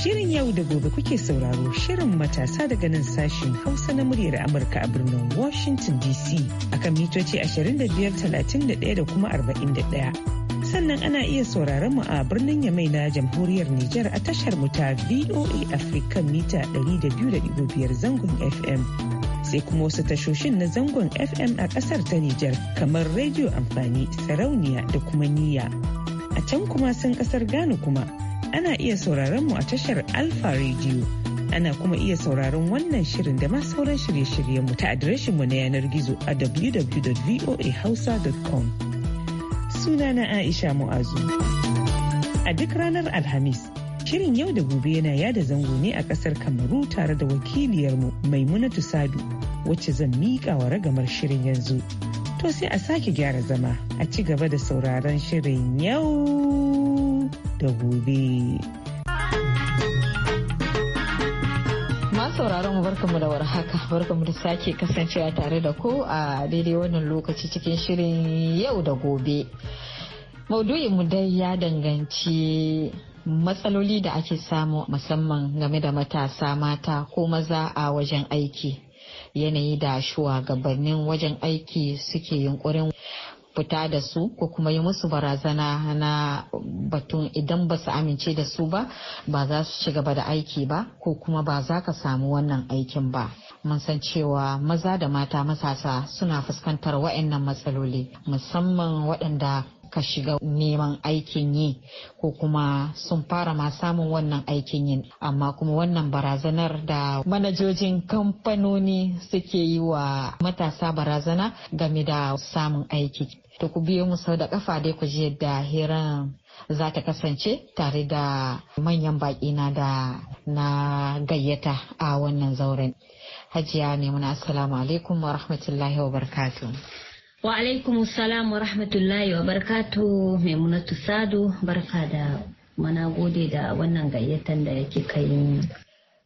Shirin yau da gobe kuke sauraro shirin matasa daga nan sashen Hausa na muryar Amurka a birnin Washington DC akan mitoci 25,31 da kuma 41. Sannan ana iya sauraron mu a birnin Yamai na jamhuriyar Nijar a tashar mu ta VOA Africa mita 200.5 zangon FM. Sai kuma wasu tashoshin na zangon FM a kasar ta Nijar kamar Radio Amfani, Sarauniya da kuma Niyya. A can kuma sun kasar Ghana kuma ana iya sauraron mu a tashar Alfa Radio. Ana kuma iya sauraron wannan shirin da ma sauran shirye-shiryen mu ta adireshin mu na yanar gizo a www.voahausa.com. na Aisha Mu'azu. A duk ranar Alhamis, Shirin yau da gobe yana yada zango ne a kasar Kamaru tare da wakiliyarmu Maimunatu Sadu wacce zan miƙa wa ragamar shirin yanzu. To sai a sake gyara zama a ci gaba da sauraron shirin yau da gobe. sauraron mu barkamu da warhaka barkamu da sake kasancewa tare da ku a daidai wannan lokaci cikin shirin yau da gobe mu dai ya danganci matsaloli da ake samu musamman game da matasa mata ko maza a wajen aiki yanayi da gabanin wajen aiki suke yunkurin fita da su ko kuma yi musu barazana na batun idan ba su amince da su ba ba za su ci gaba da aiki ba ko kuma ba za ka samu wannan aikin ba mun san cewa maza da mata matasa suna fuskantar waɗannan matsaloli musamman waɗanda ka shiga neman aikin yi ko kuma sun fara ma samun wannan aikin yi amma kuma wannan barazanar da manajojin kamfanoni suke yi wa matasa barazana game da samun aiki to ku biyo mu sau da kafa dai ku je da hiran za ta kasance tare da manyan baƙi na da na gayyata a wannan zauren hajiya muna assalamu alaikum wa rahmatullahi wa barkatu Wa alaikum salam wa rahmatullahi wa barkatu Maimunatu Sadu barka da mana gode da wannan gayyatan da yake kai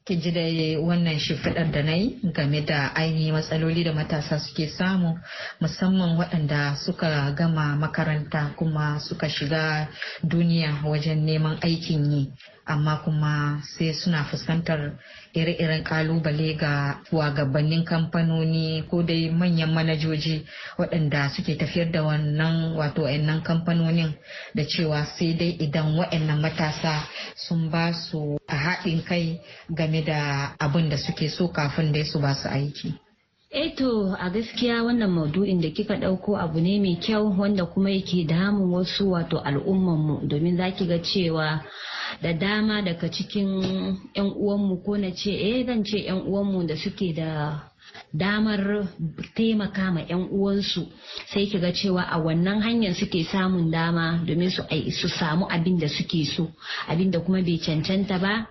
ki ji dai wannan shifidar da na yi game da ainihin matsaloli da matasa suke samu musamman waɗanda suka gama makaranta kuma suka shiga duniya wajen neman aikin yi amma kuma sai suna fuskantar ire-iren kalubale ga wagabannin kamfanoni ko dai manyan manajoji waɗanda suke tafiyar da wannan wato wayannan kamfanonin da cewa sai dai idan waɗannan matasa sun ba su a haɗin kai game da abin da suke so kafin dai su ba su aiki. Eto eh a gaskiya wannan maudu'in da kika ɗauko abu ne mai kyau wanda kuma yake damun wasu wato al'ummanmu domin za ki ga cewa da dama daga cikin 'yan uwanmu ko na ce eh zan ce 'yan uwanmu da suke da damar taimaka ma 'yan uwansu sai ki ga cewa a wannan hanyar suke samun dama domin su samu abin da suke so abin da kuma bai cancanta ba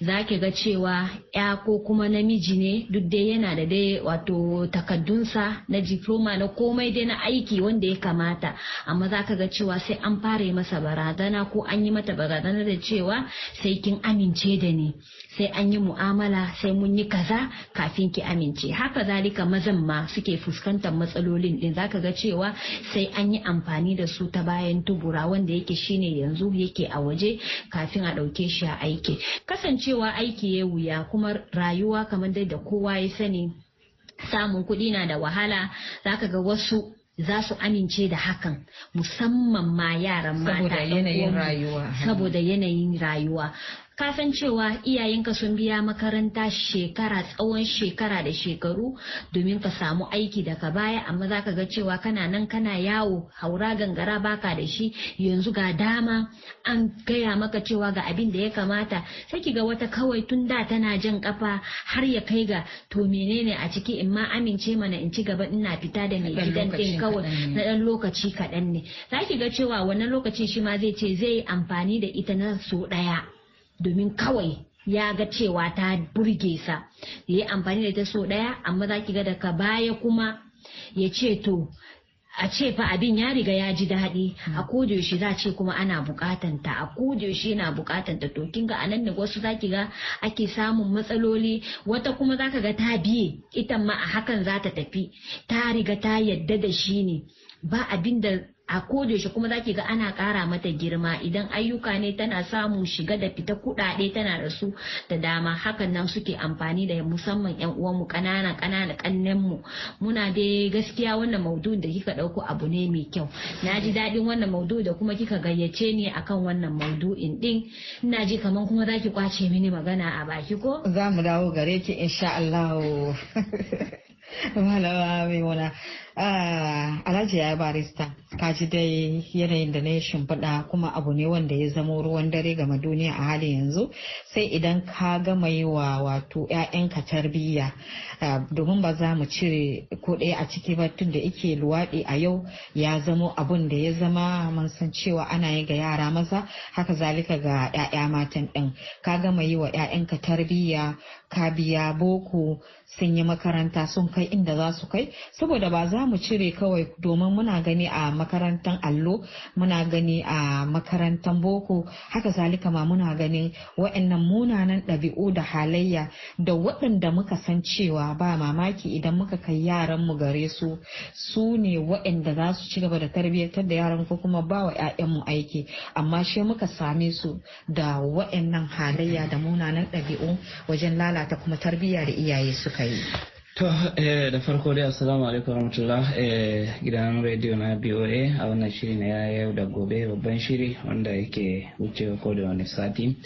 za ki ga cewa 'ya ko kuma namiji ne duk dai yana da dai wato takaddunsa na diploma na komai dai na aiki wanda ya kamata amma za ka ga cewa sai an fara masa barazana ko an yi mata barazana da cewa sai kin amince da ni sai an yi mu'amala sai mun yi kaza kafin ki amince haka zalika mazan ma suke fuskantar matsalolin din zaka ga cewa sai an yi amfani da su ta bayan tubura wanda yake shine yanzu yake a waje kafin a ɗauke shi a aiki kasancewa aiki ya wuya kuma rayuwa kamar dai da kowa ya sani samun kuɗi na da wahala zaka ga wasu za su amince da hakan musamman ma yaran mata saboda yanayin saboda yanayin rayuwa ka san cewa iyayenka sun biya makaranta shekara tsawon shekara da shekaru domin ka samu aiki daga baya amma za ka ga cewa kana nan kana yawo haura gangara baka da shi yanzu ga dama an gaya maka cewa ga abin da ya kamata sai ki ga wata kawai tun da tana jan kafa har ya kai ga to menene a ciki in ma amince mana in ci gaba ina fita da mai gidan din kawai na dan lokaci kaɗan ne za ki ga cewa wannan lokaci shi ma zai ce zai amfani da ita na so ɗaya domin kawai ya ga cewa ta burge sa ya yi amfani da ta so ɗaya amma za ki ga daga baya kuma ya ce to a ce fa abin ya riga ya ji daɗi a kodayaushe za ce kuma ana bukatanta a a kodayaushe yana bukatanta to kin ga anan ne wasu za ki ga ake samun matsaloli wata kuma za ka ga ta biye ita ma a hakan za ta tafi ta riga ta yadda da shi ne ba abin da a kodayaushe kuma zaki ga ana kara mata girma idan ayyuka ne tana samu shiga da fita kuɗaɗe tana da su da dama hakan nan suke amfani da musamman yan uwanmu ƙanana ƙanana mu muna da gaskiya wannan maudu'in da kika ɗauko abu ne mai kyau na ji daɗin wannan maudu'i da kuma kika gayyace ni akan wannan maudu'in din ina ji kaman kuma zaki kwace mini magana a baki ko za mu dawo gare ki insha Allah malama mai Ah, alhaji ya barista ka ji dai yanayin da na yi shimfiɗa kuma abu ne wanda ya zama ruwan dare gama duniya a hali yanzu sai idan ka gama yi wa wato 'ya'yanka tarbiyya ah, domin ba za mu cire ko ɗaya a ciki ba tun da ike luwaɗi a yau ya zamo abun da ya zama mun san cewa ana yi ga yara maza haka zalika ga 'ya'ya matan ɗin ka gama yi wa 'ya'yanka tarbiyya ka biya boko sun yi makaranta sun kai inda za su kai saboda ba za mu cire kawai domin muna gani a makarantar allo muna gani a makarantar boko haka zalika ma muna gani wa'annan munanan ɗabi'u da halayya da waɗanda muka san cewa ba mamaki idan muka kai yaran mu gare su su ne waɗanda za su ci gaba da tarbiyyar da yaran ko kuma ba wa mu aiki amma shi muka same su da waɗannan halayya da munanan ɗabi'u wajen lalata magana ta kuma tarbiyya da iyaye suka yi To eh, da farko dai assalamu alaikum warahmatullah eh, gidan rediyo na BOA a wannan shiri na yau da gobe babban shiri wanda yake wucewa ko da wani sati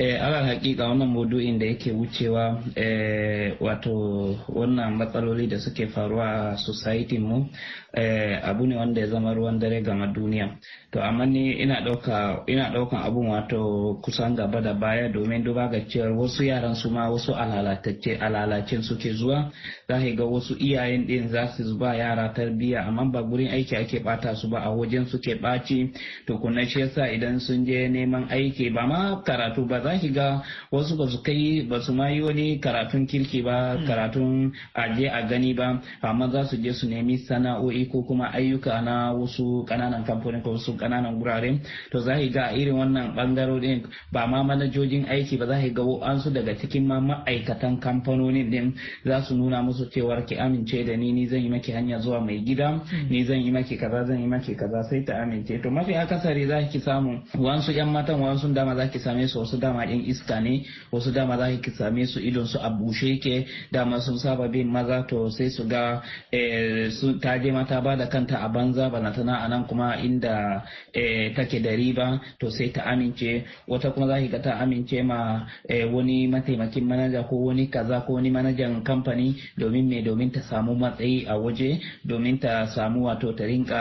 Eh, ala hakika wannan maudu'in da yake wucewa eh, wato wannan matsaloli da suke faruwa a society mu eh, abu ne wanda ya zama ruwan dare gama duniya to amma ni ina ɗaukan abun wato kusan gaba da baya domin duba ga cewar wasu yaran su ma wasu alalacin suke zuwa za ga wasu iyayen ɗin za su ba yara tarbiyya amma ba gurin aiki ake bata su ba a wajen suke ɓaci to shi yasa idan sun je neman aiki ba ma karatu ba za ki ga wasu ba su kai ba su ma yi wani karatun kirki ba hmm. karatun aje a gani ba amma za su je su nemi sana'o'i ko kuma ayyuka na wasu kananan kamfani ko wasu kananan gurare to za ki ga irin wannan bangarorin ba ma manajojin aiki ba za ki ga an su daga cikin ma ma'aikatan kamfanonin din za su nuna musu cewa ki amince da ni ni zan yi maki hanya zuwa mai gida hmm. ni zan yi maki kaza zan yi maki kaza sai ta amince to mafi akasari za ki samu wasu 'yan matan wasu dama za ki same su wasu dama dama yan iska ne wasu dama za ki same su idon su a bushe ke dama sun saba bin maza to sai su ga eh, ta je mata ba da kanta a banza bana tana a nan kuma inda eh, take da riba to sai ta amince wata kuma za ki ga ta amince ma eh, wani mataimakin manaja ko wani kaza ko wani manajan kamfani domin me domin ta samu matsayi a waje domin ta samu wato ta rinka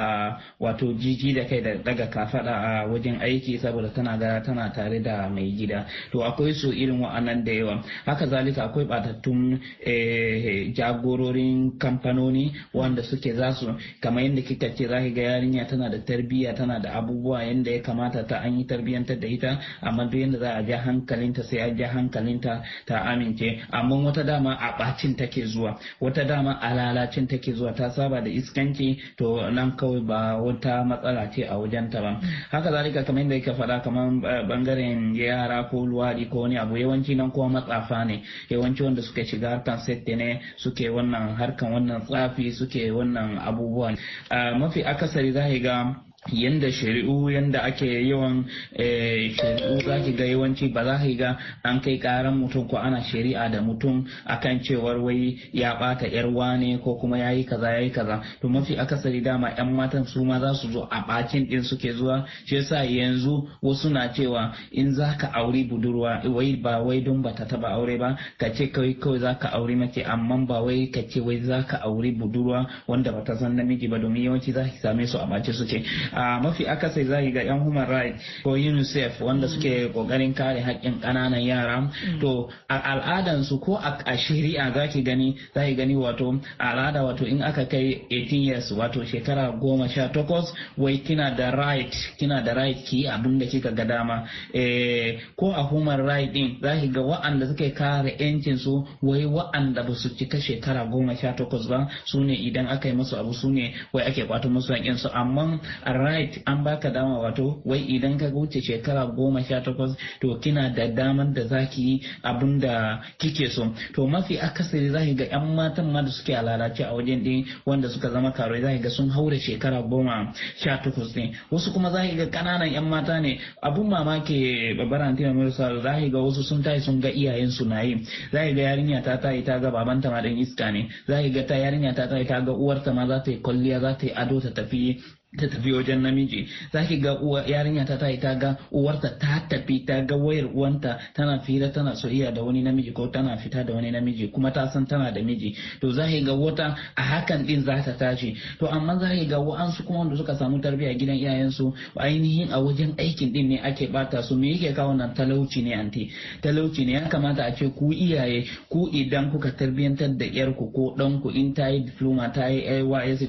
wato jiji da kai da daga kafaɗa a wajen aiki saboda tana ga tana tare da mai gida to akwai su irin wa'annan da yawa haka zalika akwai batattun eh, jagororin kamfanoni wanda suke za su kamar yadda kika ce za ga yarinya tana da tarbiyya tana da abubuwa yadda ya kamata ta an yi tarbiyyantar da ita amma duk yadda za a ja hankalinta sai a ja hankalinta ta amince amma wata dama a bacin take zuwa wata dama a lalacin take zuwa ta saba da iskanci to nan kawai ba wata matsala ce a wajenta ba haka zalika kamar yadda kika faɗa kamar bangaren eh, yara ko luwaɗi ko wani abu yawanci nan kuma matsafa ne yawanci wanda suka shiga harkan sette ne suke wannan harkan wannan tsafi suke wannan abubuwan ah, mafi akasari za ga yanda shari'u yanda ake yawan eh, shari'u za ki ga yawanci ba za ki ga an kai karan mutum ko ana shari'a da mutum akan cewar wai ya bata yar wane ko kuma ya yi kaza ya yi kaza to mafi akasari dama yan matan su ma za su zo a bakin din suke zuwa shi yasa yanzu wasu na cewa in za ka auri budurwa wai ba wai don bata taba aure ba ka ce kawai kawai za ka auri mace amma ba wai ka ce wai za ka auri budurwa wanda bata san namiji ba domin yawanci za ki same su a bace su ce a mafi akasai zaki ga yan human rights ko unicef wanda mm. suke kokarin kare haƙƙin ƙananan yara mm. to a al'adansu ko a shari'a zaki gani zaki gani wato al'ada wato in aka kai 18 years wato shekara goma sha takwas wai kina da right kina da right ki abin da kika ga dama eh, ko a human right din zaki ga wa'anda suke kare yancin su wai wa'anda ba su cika shekara goma sha takwas ba su ne idan aka yi musu abu su ne wai ake kwato musu haƙƙin su amma a right an baka dama wato wai idan ka wuce shekara goma sha takwas to kina da daman da zaki yi abin da kike so to mafi akasari ki ga yan matan ma da suke lalace a wajen din wanda suka zama za ki ga sun haura shekara goma sha takwas ne wasu kuma ki ga kananan yan mata ne abun mamaki babbar antina mai ki ga wasu sun tashi sun ga iyayen su na yi ki ga yarinya ta tayi ta ga babanta ma dan iska ne ki ga ta yarinya ta tayi ta ga uwarta ma za ta yi kwalliya za ta yi ado ta tafi ta tafi wajen namiji za ki ga yarinya ta tayi ta ga uwarta ta tafi ta ga wayar uwanta tana fira tana soyayya da wani namiji ko tana fita da wani namiji kuma ta san tana da miji to za ki ga wata a hakan din za ta tashi to amma za ki ga wa'ansu kuma wanda suka samu tarbiyya gidan iyayensu ainihin a wajen aikin din ne ake bata su me yake kawo nan talauci ne anti talauci ne ya kamata a ce ku iyaye ku idan kuka tarbiyyantar da yarku ko d'anku in ta yi diploma ta yi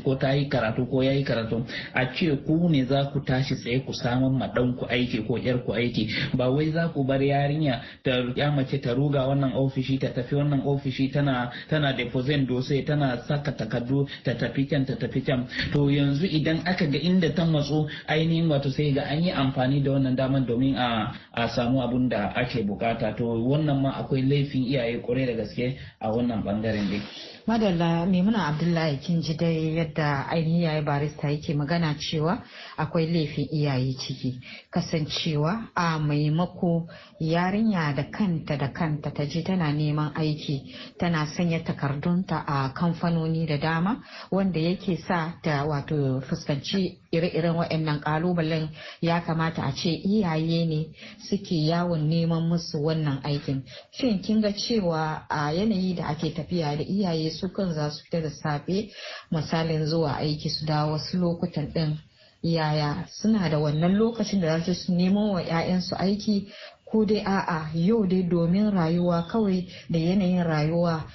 ko ta yi karatu ko ya yi karatu a ce ku ne za ku tashi tsaye ku samun ma ku aiki ko ku aiki ba wai za ku bar yarinya ta ya mace ta ruga wannan ofishi ta tafi wannan ofishi tana tana deposit dose tana saka takardu ta tafi can ta tafi can to yanzu idan aka ga inda ta matsu ainihin wato sai ga an yi amfani da wannan damar domin a a samu abun da ake bukata to wannan ma akwai laifin iyaye kwarai da gaske a wannan bangaren dai Madalla Maimuna Abdullahi kin ji dai yadda ainihi yayi barista yake magana cewa akwai laifin iyaye ciki kasancewa a maimako yarinya da kanta da kanta ta je tana neman aiki tana sanya takardunta a kamfanoni da dama wanda yake sa ta wato fuskanci ire-iren waɗannan ƙalubalen ya kamata a ce iyaye ne suke yawon neman musu wannan aikin shin kin ga cewa a yanayi da ake tafiya da iyaye su kan za su fita da safe misalin zuwa aiki su dawo wasu lokutan ɗin yaya suna da wannan lokacin da za su nemo wa 'ya'yansu aiki ko dai a'a yau dai domin rayuwa kawai da yanayin rayuwa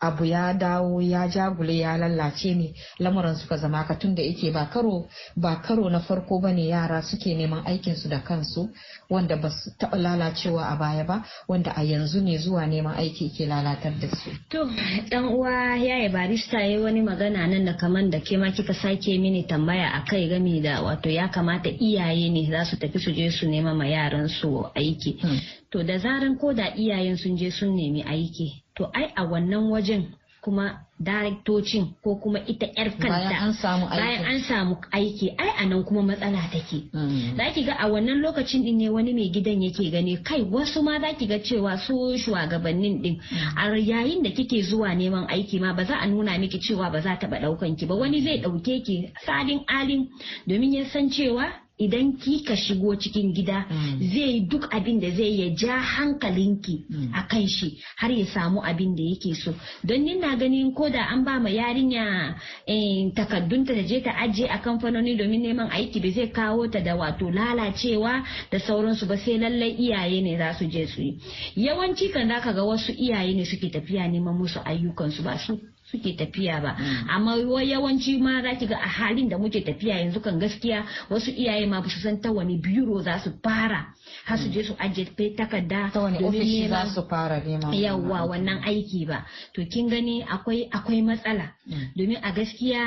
abu ya dawo ya jagule ya lallace ne lamuran suka zama ka tunda yake ba karo ba karo na farko ba ne yara suke neman aikin su da kansu wanda ba su taɓa lalacewa a baya ba wanda a yanzu ne zuwa neman aiki ke lalatar da su. To dan uwa yaya barista ya wani magana nan da kaman da ke ma kika sake mini tambaya a kai gami da wato ya kamata iyaye ne za su tafi su je su nema ma yaran su aiki. Hmm. To da zaran ko da iyayen sun je sun nemi aiki to ai a wannan wajen kuma daraktocin ko kuma ita yar kanta bayan an samu aiki ai a nan kuma matsala take mm. za ki ga a wannan lokacin din ne wani mai gidan yake gane kai wasu ma za ki ga cewa su shugabannin din mm. a yayin da kike zuwa neman aiki ma ba za a nuna miki cewa ba za ta ba ki ba wani zai ɗauke ki salin alin domin ya san cewa idan ki ka shigo cikin gida mm. zai yi duk abin da zai ya ja hankalinki mm. a kan shi har ya samu abin da yake so don ni na ganin ko da an ba ma yarinya eh, takaddunta da je ta ajiye a kamfanoni domin neman aiki ba zai kawo ta da wato lalacewa da sauransu ba sai lallai iyaye ne za su je su yi yawanci kan zaka ga wasu iyaye ne suke tafiya neman musu ayyukansu ba su suke tafiya ba hmm. amma yawanci ma za ki ga a halin da muke tafiya yanzu kan gaskiya wasu iyaye ma ba su san ta wani biro za su fara har su hmm. je su ajiye takarda ta wani za su fara yawa wannan aiki ba to kin gani akwai akwai matsala Mm. domin a gaskiya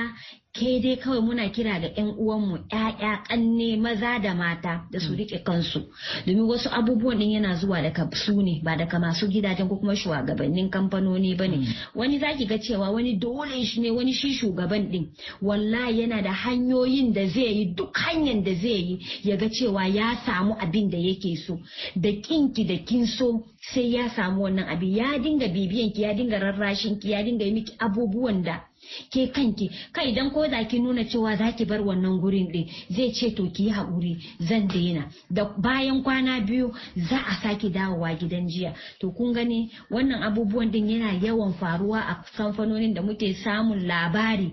ke dai kawai muna kira ga 'yan uwanmu 'ya'ya kanne maza da mata da su mm. rike kansu domin wasu abubuwan din yana zuwa daga su ne ba daga masu gidajen ko kuma shugabannin kamfanoni ba ne mm. wani zaki ga cewa wani dole shi ne wani shi shugaban din wallahi yana da hanyoyin da zai yi duk hanyar da zai yi ya ga cewa ya samu abin da yake so da kinki da kin so sai ya samu wannan abin ya dinga bibiyanki ya dinga rarrashinki ya dinga yi miki abubuwan da ke kanki kai idan ko za ki nuna cewa za ki bar wannan gurin din zai ce to ki yi haƙuri zan daina da bayan kwana biyu za a sake dawowa gidan jiya to kun gani wannan abubuwan din yana yawan faruwa a kamfanonin da muke samun labari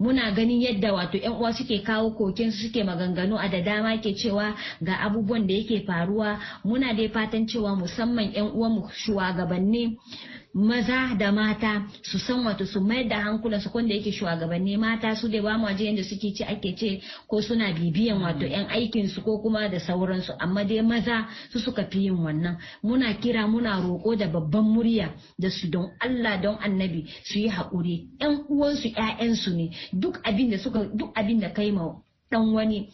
muna ganin yadda wato yan uwa suke kawo koken suke maganganu a da dama ke cewa ga abubuwan da yake faruwa muna dai fatan cewa musamman yan uwa mu shugabanni maza da mata su san wato su mayar da hankulan su da yake shugabanni mata su dai ba mu waje yadda suke ci ake ce ko suna bibiyan wato mm. yan aikin su ko kuma da sauransu amma dai maza su suka fi yin wannan muna kira muna roko da babban murya da su don Allah don annabi su yi haƙuri yan uwansu 'ya'yansu ne duk abin da suka duk abin da kai ma dan wani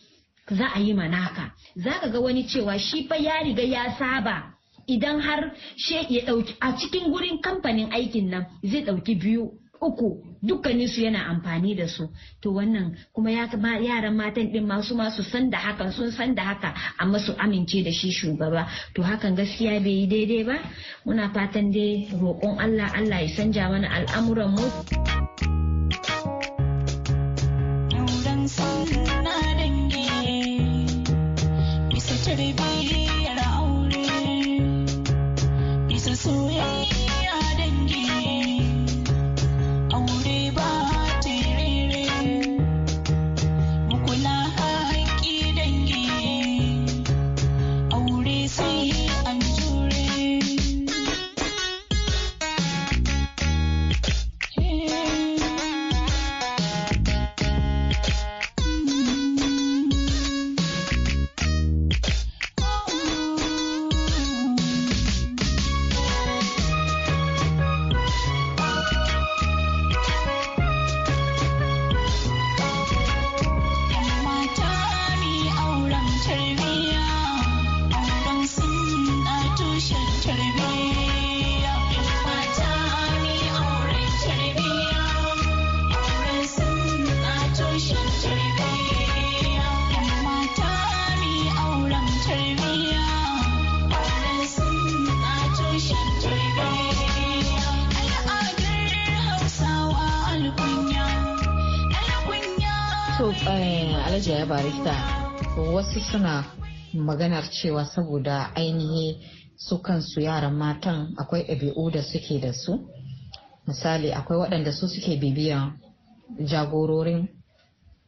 za a yi manaka za ka ga wani cewa shi fa ya riga ya saba idan har she ya ɗauki a cikin gurin kamfanin aikin nan zai ɗauki biyu uku dukkanin su yana amfani da su to wannan kuma yaran matan ɗin masu masu san da haka sun san da haka amma su amince da shi shugaba to hakan gaskiya bai yi daidai ba muna fatan dai roƙon Allah Allah ya sanja mana al'amuran mu So alhaji ya barista wasu suna maganar cewa saboda ainihi su kansu yaran matan akwai ɗabi'u da suke da su misali akwai waɗanda su suke bibiyan jagororin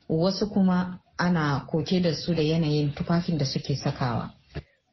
wasu kuma ana koke da su da yanayin tufafin da suke sakawa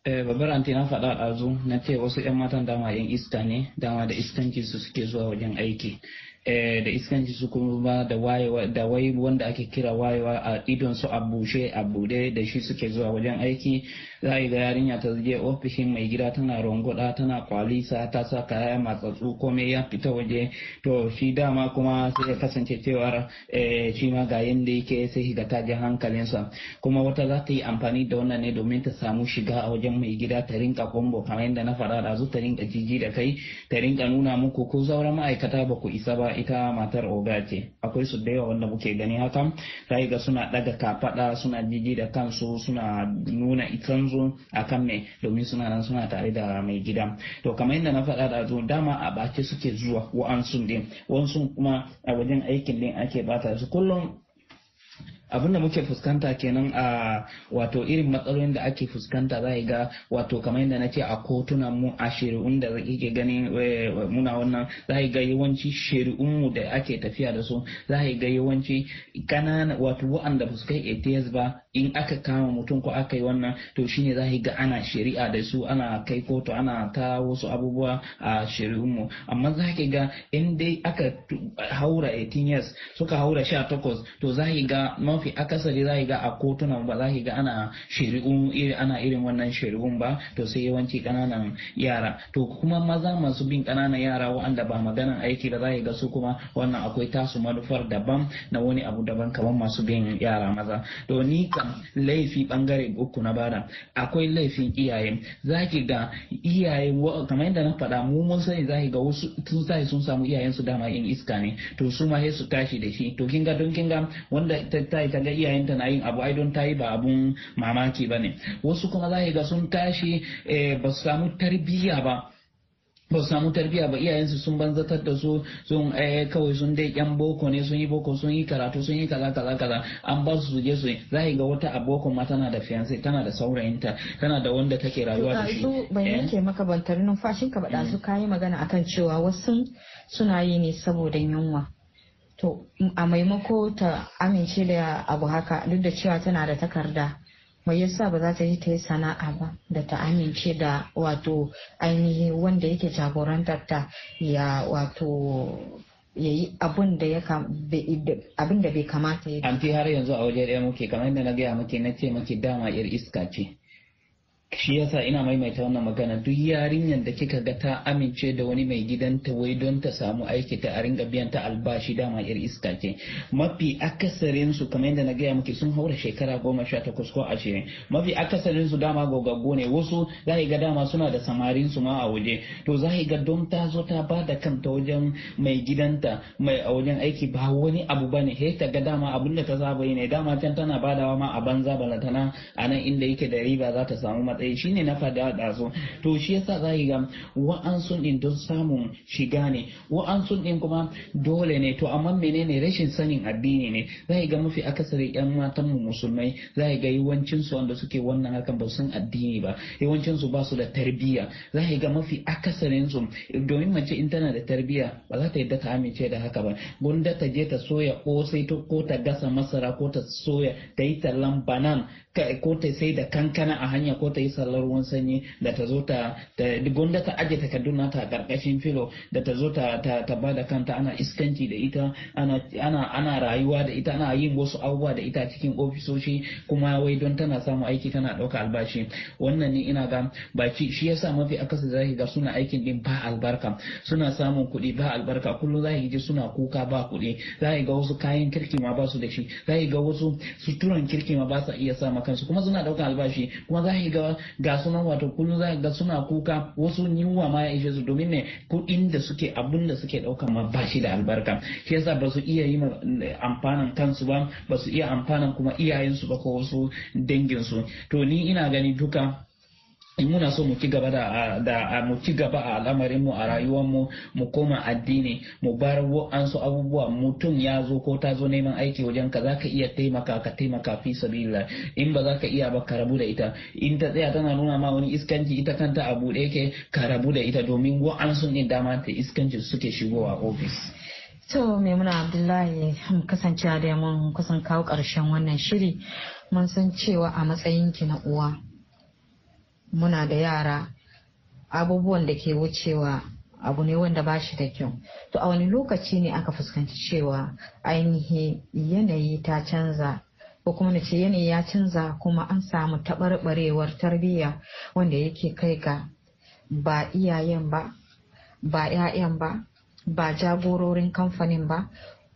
eh, babbar anti na faɗa ɗazu na ce wasu 'yan matan dama 'yan ista ne dama da istanci su suke zuwa wajen aiki Eh, da iskanci su kuma da wayewa wai wanda ake kira wayewa a idon su a bushe a bude da shi suke zuwa wajen aiki za a ga yarinya ta je ofishin mai gida tana rongoda tana kwalisa ta sa kaya matsatsu kome ya fita waje to shi dama kuma sai ya kasance cewar eh, shi ma ga yanda yake sai ga ta ji hankalinsa kuma wata za ta yi amfani da wannan ne domin ta samu shiga a wajen mai gida ta rinka kombo kamar yadda na faɗa da zu ta rinka jiji da kai ta rinka nuna muku ko sauran ma'aikata ba ku isa ba ita matar oga ce akwai su da yawa wanda muke gani hakan ra'iga ga suna daga kafada suna jiji da kansu suna nuna a kan mai domin suna nan suna tare da mai gida to kamar yadda na faɗa da zo dama a baki suke zuwa wa'ansu din wasu kuma a wajen aikin din ake bata su kullum abin da muke fuskanta kenan a wato irin matsalolin da ake fuskanta za ga wato kamar yadda na ce a kotunan mu a shari'un da ke ganin eh, muna wannan za ga yawanci shari'un mu da ake tafiya da su za ga yawanci kana wato wa'anda ba su kai ba in aka kama mutum ko aka yi wannan to shine za ga ana shari'a da su ana kai kotu ana ta wasu abubuwa a shari'unmu amma za ga in dai aka haura 18 years suka haura 18 to za ga mafi akasari za ga a kotunan ba za ga ana shari'un ana irin wannan shari'un ba to sai yawanci kananan yara to kuma maza masu bin kananan yara wa'anda ba maganan aiki ba za ga su kuma wannan akwai tasu manufar daban na wani abu daban kamar masu bin yara maza to ni laifi bangare uku na bara akwai laifin iyaye zaki ga iyaye kamar yadda na faɗa mu mun sani zaki ga wasu sun sai sun samu iyayensu dama yin iska ne to su ma su tashi da shi to kinga don kinga wanda ta ta kaga iyayen na yin abu ai don tayi ba abun mamaki bane wasu kuma zaki ga sun tashi eh, ba su samu tarbiyya ba ba su samu tarbiyya ba iyayensu sun banzatar da su sun eh, kawai sun dai yan boko ne sun yi boko sun yi karatu sun yi kaza kaza kaza an ba su suje su za ga wata aboko ma tana da fiance tana da saurayinta tana da wanda take rayuwa da shi ban eh? yake maka bantar numfashin ka bada mm. su kayi magana akan cewa wasu suna yi ne saboda yunwa to a maimako ta amince da abu haka duk da cewa tana da takarda mai yasa ba za ta yi ta yi sana'a ba da ta amince da wato ainihi wanda yake jagorantar ta ya wato ya yi abin da bai kamata ya an fi har yanzu a waje ɗaya muke kamar yadda na gaya muke na ce muke dama yar iska ce shi yasa ina maimaita wannan magana duk yarinyar da kika ga ta amince da wani mai gidanta wai don ta samu aiki ta a ringa biyan ta albashi dama yar iska ce mafi akasarin su kamar yadda na gaya muke sun haura shekara goma sha takwas ko ashirin mafi akasarin su dama gogaggo ne wasu za ga dama suna da samarin su ma a waje to za ga don ta zo ta ba da kanta wajen mai gidanta mai a wajen aiki ba wani abu bane he ta ga dama abin da ta saba ne dama can tana badawa ma a banza balantana a nan inda yake da riba za ta samu matsayi ɗaya shine na fada ɗazu to shi yasa za ki ga wa'ansu ɗin don samun shiga ne wa'ansu ɗin kuma dole ne to amma menene rashin sanin addini ne za ki ga mafi akasari yan matan musulmai za ki ga yawancin wanda suke wannan hakan ba sun addini ba yawancinsu su ba su da tarbiyya za ki ga mafi akasarin su domin mace in tana da tarbiyya ba za ta yadda ta amince da haka ba gunda ta je ta soya kosai ko ta gasa masara ko ta soya ta yi tallan banan ko ta sai da kankana a hanya ko ta yi sallar ruwan sanyi da ta zo ta gunda ta aje a karkashin filo da ta zo ta ba da kanta ana iskanci da ita ana ana rayuwa da ita ana yin wasu abubuwa da ita cikin ofisoshi kuma wai don tana samun aiki tana ɗauka albashi wannan ne ina ga ba shi yasa mafi akasa zaki ga suna aikin din ba albarka suna samun kuɗi ba albarka kullum zaki ji suna kuka ba kuɗi zaki ga wasu kayan kirki ma ba su da shi zaki ga wasu suturan kirki ma ba sa iya sa kansu kuma suna dauka albashi kuma za ga ga sunan wato kullum za ga suna kuka wasu yunwa ma ya ishe su domin ne kuɗin da suke abun da suke ɗaukan ma ba da albarka shi yasa ba su iya yi eh, amfanan kansu ba ba su iya amfanan kuma iyayensu ba ko wasu dangin su to ni ina gani duka in muna so mu ci gaba da mu ci gaba a al'amarin mu a rayuwar mu mu koma addini mu bar an abubuwa mutum ya zo ko ta zo neman aiki wajen ka zaka iya taimaka ka taimaka fi sabila in ba zaka iya ba ka rabu da ita in ta tsaya tana nuna ma wani iskanci ita kanta a bude yake ka rabu da ita domin wa'ansu ne dama ta iskanci suke shigowa ofis To Maimuna Abdullahi mu kasance da mun kusan kawo ƙarshen wannan shiri mun san cewa a matsayinki na uwa muna da yara abubuwan da ke wucewa abu ne wanda ba shi da kyau to a wani lokaci ne aka fuskanci cewa ainihi yanayi ta canza ko kuma na ce yanayi ya canza kuma an samu taɓarɓarewar tarbiyya wanda yake kai ga ba iyayen ba ba 'ya'yan ba ba jagororin kamfanin ba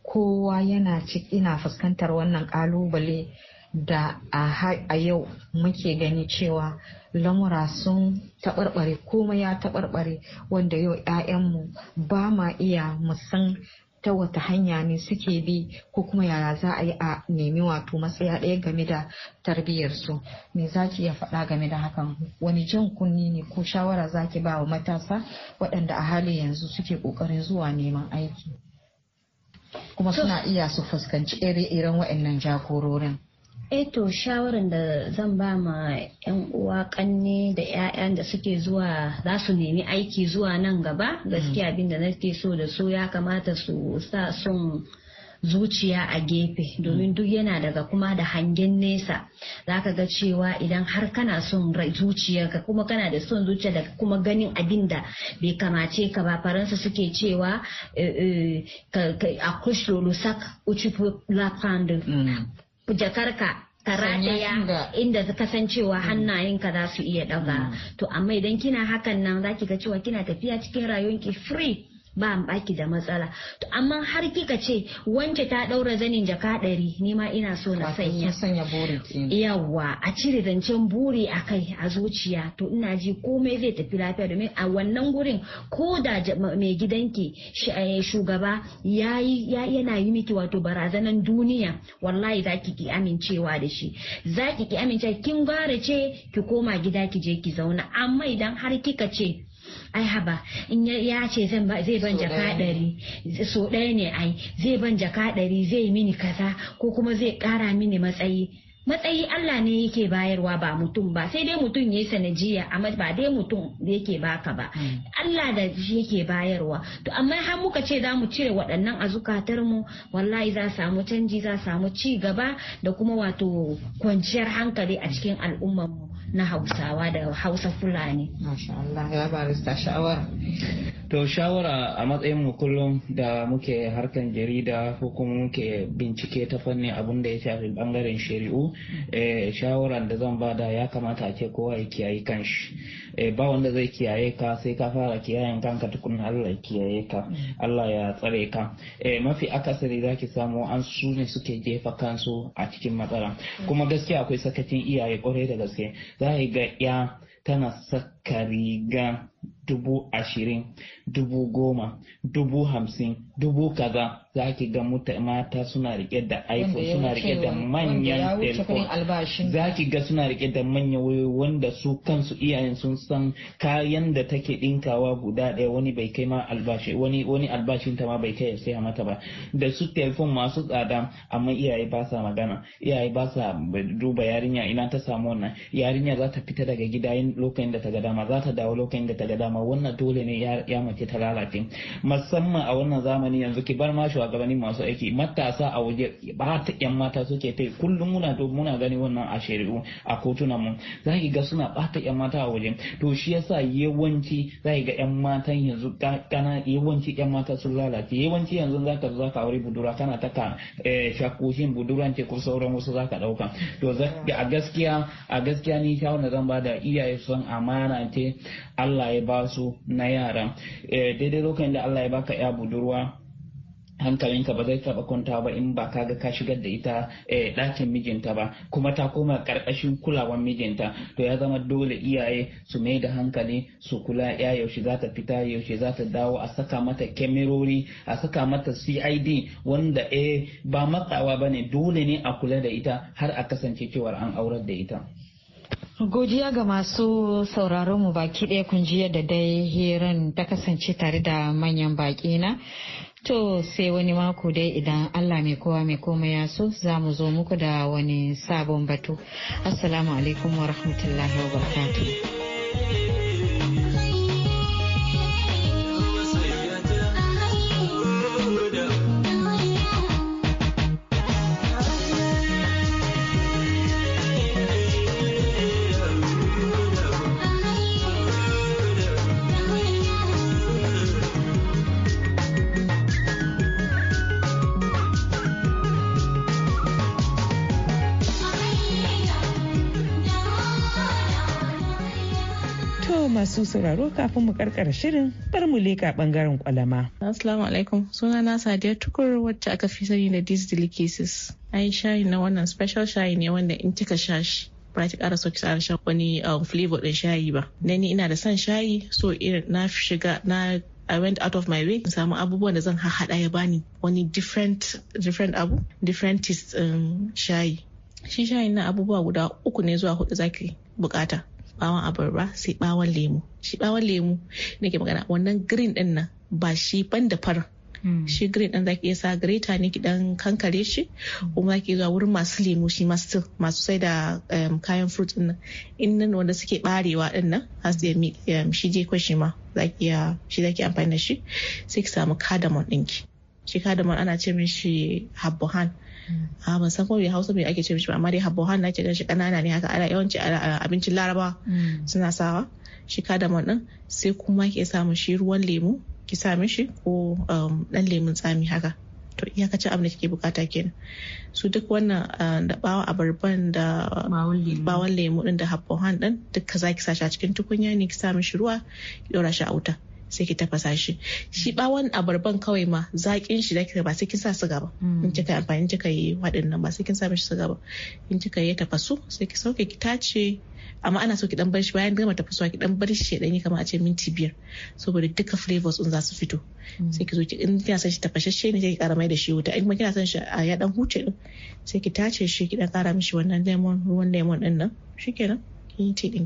kowa yana na fuskantar wannan ƙalubale da a yau muke gani cewa lamura sun taɓarɓare kuma ya taɓarɓare wanda yau 'ya'yanmu ba ma iya musan ta wata hanya ne suke bi ko kuma yaya za a yi a nemi wato matsaya ɗaya game da tarbiyyarsu me za ki iya faɗa game da hakan wani jan kunni ne ko shawara za ki ba wa matasa waɗanda a halin yanzu suke ƙoƙarin zuwa neman aiki kuma suna iya su fuskanci ire-iren waɗannan jagororin Eto eh shawarar da zan ba ma 'yan uwa kanne da 'ya'yan da suke zuwa za su nemi aiki zuwa nan gaba mm. gaskiya abin da nake so da su ya kamata su sa sun zuciya a gefe mm. domin duk yana daga kuma da hangen nesa Za ka ga cewa idan har kana son zuciyarka kuma kana da son zuciya da kuma ganin abin da bai kamace ka ba faransa suke cewa eh, eh, a kushe lulusak uchi la jakarka ka rataya inda ka san cewa mm. hannayenka za su iya daga mm. to amma idan kina hakan nan zaki ga cewa kina tafiya cikin rayuwanki free ba baki da matsala to amma har kika ce wance ta daura zanin jaka ɗari ni ma ina so na sanya yawa a cire zancen buri a kai a zuciya to ina ji komai zai tafi lafiya domin a wannan gurin ko da mai gidanki eh, shugaba ya yana yi miki wato barazanan duniya wallahi za ki amincewa da shi za ki amince kin gara ce ki koma gida ki je ki zauna amma idan har kika ce ai haba in ya ce zan ba zai ban jaka ɗari so ɗaya ne ai zai ban jaka ɗari zai mini kaza ko kuma zai ƙara mini matsayi matsayi Allah ne yake bayarwa ba mutum ba sai dai mutum ya yi sanajiya amma ba dai mutum da yake baka ba mm. Allah da shi yake bayarwa to amma har muka ce za mu cire waɗannan a mu wallahi za samu canji za samu ci gaba da kuma wato kwanciyar hankali a cikin al'ummar mu na hausawa da hausa fulani. To shawara a matsayin mu kullum da muke harkan jarida ko kuma muke bincike ta fannin abun da ya shafi bangaren shari'u eh, shawaran da zan bada ya kamata a ce kowa ya kiyaye kanshi. Eh, ba wanda zai kiyaye ka sai ka fara kiyayen kanka tukun Allah ya kiyaye ka Allah ya tsare ka eh, mafi akasari zaki samu an su ne suke jefa kansu a cikin matsala kuma gaskiya akwai sakacin iyaye kwarai da gaske za ka ga ƴa tana sa. ka riga dubu ashirin dubu goma dubu hamsin dubu kaza za ki ga mata suna rike da iphone suna rike da manyan telefon za ki ga suna rike da manyan wayoyi wanda su kansu iyayen sun san kayan da take dinkawa guda daya wani bai kai ma albashi wani wani albashin ta ma bai kai sai mata ba da su telefon masu tsada amma iyaye ba sa magana iyaye ba sa duba yarinya ina ta samu wannan yarinya za ta fita daga gida lokacin da ta ga dama dama za ta dawo lokacin da ta ga dama wannan dole ne ya mace ta lalace musamman a wannan zamani yanzu ki bar ma shugabanni masu aiki matasa a waje ba ta yan mata suke ta kullum muna to muna gani wannan a shari'u a kotunan mu za ki ga suna bata yan mata a waje to shi yasa yawanci za ki ga yan matan yanzu kana yawanci yan mata sun lalace yawanci yanzu za ka za ka aure budura kana ta ka eh, shakoshin budura ce ko sauran wasu za ka dauka to a gaskiya a gaskiya ni shawarar zan ba da iyaye sun amana sana'ante Allah ya ba su na yara eh, daidai lokacin da Allah ya baka ya budurwa hankalinka ba zai taba kwanta ba in ba ka ga ka shigar da ita eh, ɗakin mijinta ba kuma ta koma ƙarƙashin kulawan mijinta to ya zama dole iyaye su mai da hankali su kula ya yaushe za ta fita yaushe za ta dawo a saka mata kyamirori a saka mata cid wanda eh ba matsawa ba ne dole ne a kula da ita har a kasance cewar an aurar da ita. Godiya ga masu sauraron mu baki ɗaya kun ji yadda dai hiran ta kasance tare da manyan baki na. To sai wani mako dai idan Allah mai kowa mai koma ya so za mu zo muku da wani sabon batu. Assalamu alaikum wa rahmatullahi wa barakatuh. masu sauraro kafin mu karkara shirin bar mu leka bangaren kwalama. Assalamu alaikum suna na Sadiya Tukur wacce aka fi sani da these delicacies. Ai shayi na wannan special shayi ne wanda in kika sha shi ba ta ƙara so ki shan wani um, flavor din shayi ba. Na ni ina da son shayi so irin na shiga na I went out of my way in samu abubuwan da zan haɗa ya bani wani different different abu different taste um, shayi. Shi shayin na abubuwa guda uku ne zuwa hudu zaki bukata. bawon abarba sai bawon lemu shi bawon lemu nake magana wannan green din nan ba shi ban da fara hmm. shi green din zaki iya sa greta ne ki dan kankare shi kuma zaki zuwa wurin masu lemu shi masu masu sai da um, kayan fruit din nan in nan wanda suke barewa din nan har su mi um, shi je ko shi ma zaki iya shi zaki amfani da shi sai ki samu cardamom ɗinki shi da ana ce shi habbohan mm. a ah, ban san kuma hausa mai ake ce mishi ba amma dai habbohan na ke gan shi kanana ne haka ana yawanci abincin laraba mm. suna sawa shi kadamar din sai kuma ke samu shi ruwan lemu ki sa mishi ko dan um, lemun tsami haka to iyakacin abin da kike bukata kenan su duk wannan ah, da bawa abarban da bawon lemu din da habbohan din duka zaki sa shi a cikin tukunya ne ki sa mishi ruwa ki dora shi a wuta sai ki tafasa shi shi bawon abarban kawai ma zaƙin shi zaki ba sai kin sa suga ba hmm. in kika amfani kika yi waɗannan ba sai kin sa mishi suga ba in kika yi tafasu sai ki sauke ki tace amma ana so ki dan bar shi bayan gama tafasuwa ki dan bar shi dan yi kamar a ce minti biyar saboda duka flavors din za su fito hmm. sai ki zo ki in kina son shi tafashashe ne sai ki ƙara mai da shi wuta in kuma kina son shi a ya dan huce din sai ki tace shi ki dan kara mishi wannan lemon ruwan lemon din nan shikenan kin yi ti din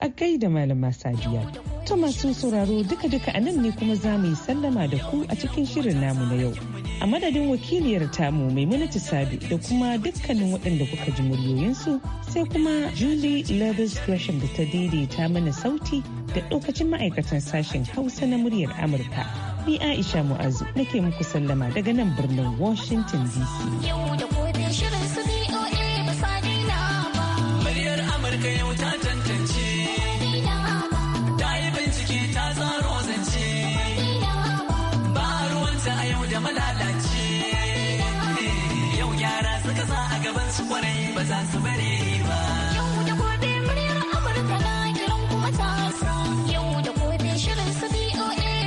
a gaida malama sadiya ta masu sauraro duka-duka a nan ne kuma za mu yi sallama da ku a cikin shirin namu na yau a madadin wakiliyar tamu maimunatu sadu da kuma dukkanin waɗanda kuka ji muryoyinsu sai kuma julie levis gresham da ta daidaita mana sauti da ɗaukacin ma'aikatan sashen hausa na muryar amurka ni aisha mu'azu nake muku sallama daga nan birnin washington dc Yau da shirin Muryar Amurka yau so many.